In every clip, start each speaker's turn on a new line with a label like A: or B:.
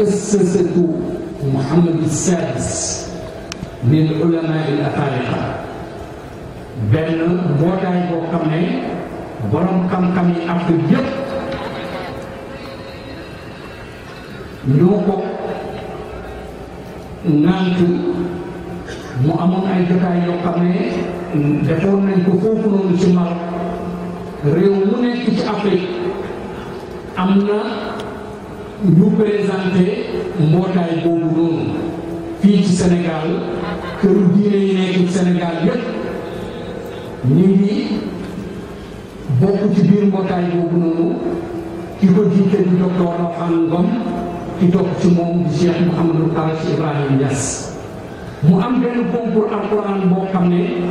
A: مؤسسة محمد السادس للعلماء الأفارقة benn mbootaay boo xam ne borom xam-xam yi Afrique yëpp ñoo ko nànk mu amoon ay jotaay yoo xam ne defoon nañ ko foofu noonu ci Maroc réew mu nekk ci Afrique am na ñu présenté mbootaay boobu noonu fii ci Sénégal këru diine yi nekk ci Sénégal yépp ñu ngi bokk ci biir mbootaay boobu noonu ki ko jiite di docteur Rokhane Ngom ki topp ci moom di Cheikh Mouhamadou Karachi Ibrahim Niass mu am benn concours alquran boo xam ne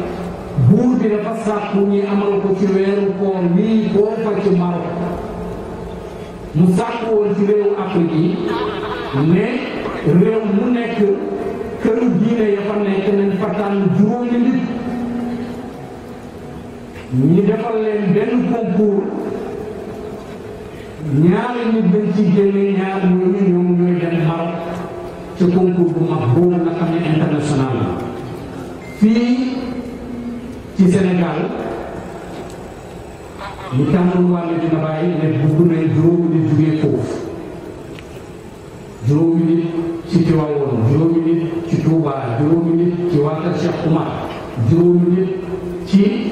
A: buur bi dafa sàkku ñi amal ko ci weeru koor wii boo fa ci Maroc mu sàkk ci réewu Afrique yi ne réew mu nekk këru diine ya fa nekk nañ fa tànn juróomi nit ñu defal leen benn concours ñaari nit dañ ci génne ñaar ñooñu ñoom ñooy dem Maroc ci concours bu mag boobu nga xam ne international fii ci Sénégal ñu tànn wàllu dina bàyyi ne bugg nañ Tiwaawoon juróomi nit ci Touba juróomi nit ci waa Kër Cheikh Oumar juróomi ci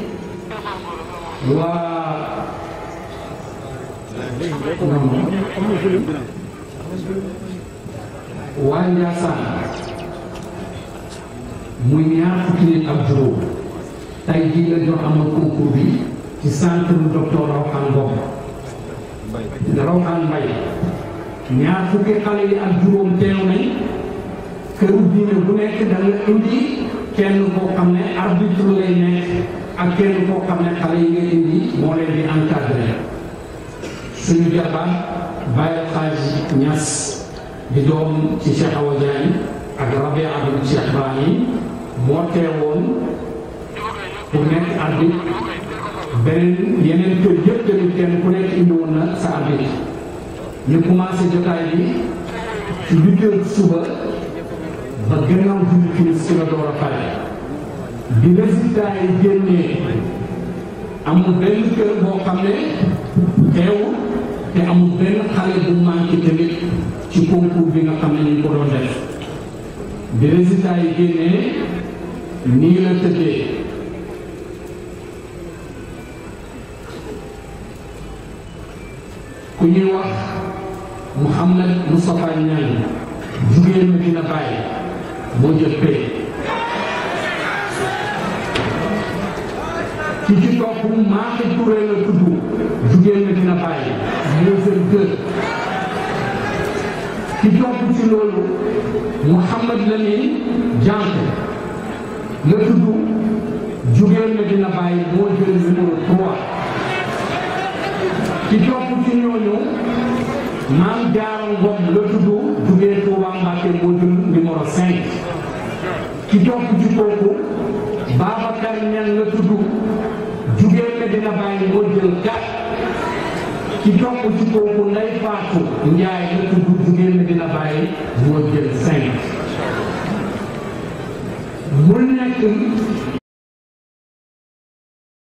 A: waa. waa Ndiassane muy ñaar fukki nit ak juróom tey jii la jox amal concours bi ci centre docteur Rawaan Ngom Rawaan Mbaye ñaar fukki xale yi ak juróom teew nañ këru diine bu nekk da indi kenn koo xam ne arbitre lay nekk ak kenn koo xam ne xale yi nga indi moo leen di encadré suñu jabar Baye Xaaj Ñas di doom ci Cheikh Awa Diagne ak Rabia Abdou Cheikh Ibrahim moo teewoon ku nekk arbitre beneen yeneen kër yëpp tamit kenn ku nekk indi woon na sa arbitre ñu commencé jotaay bi ci huit heures suba ba gannaaw julli timis si la door a pare bi résultat yi génnee amul benn kër boo xam ne teewul te amul benn xale bu manqué tamit ci concours bi nga xam ne ñu ko doon def bi résultat yi génnee nii la tëddee ku ñuy wax Mouhamad Moustapha Niang jugee Medina Baye moo jël paie. ki ci topp Maki Touré la tudd jugee Medina Baye moo jël deux. ki topp ci loolu Mouhamad Lamine Diante la tudd jugee Medina Baye moo jël numéro trois. maam Jaara Ngom la tudd jugee Touba Mbacke moo jël numéro 5 ki topp ci kooku Babacar Ñan la tudd jugee Medina Baye moo jël 4 ki topp ci kooku Ndey Faatu Njaay la tudd jugee Medina Baye jël 5 mu nekk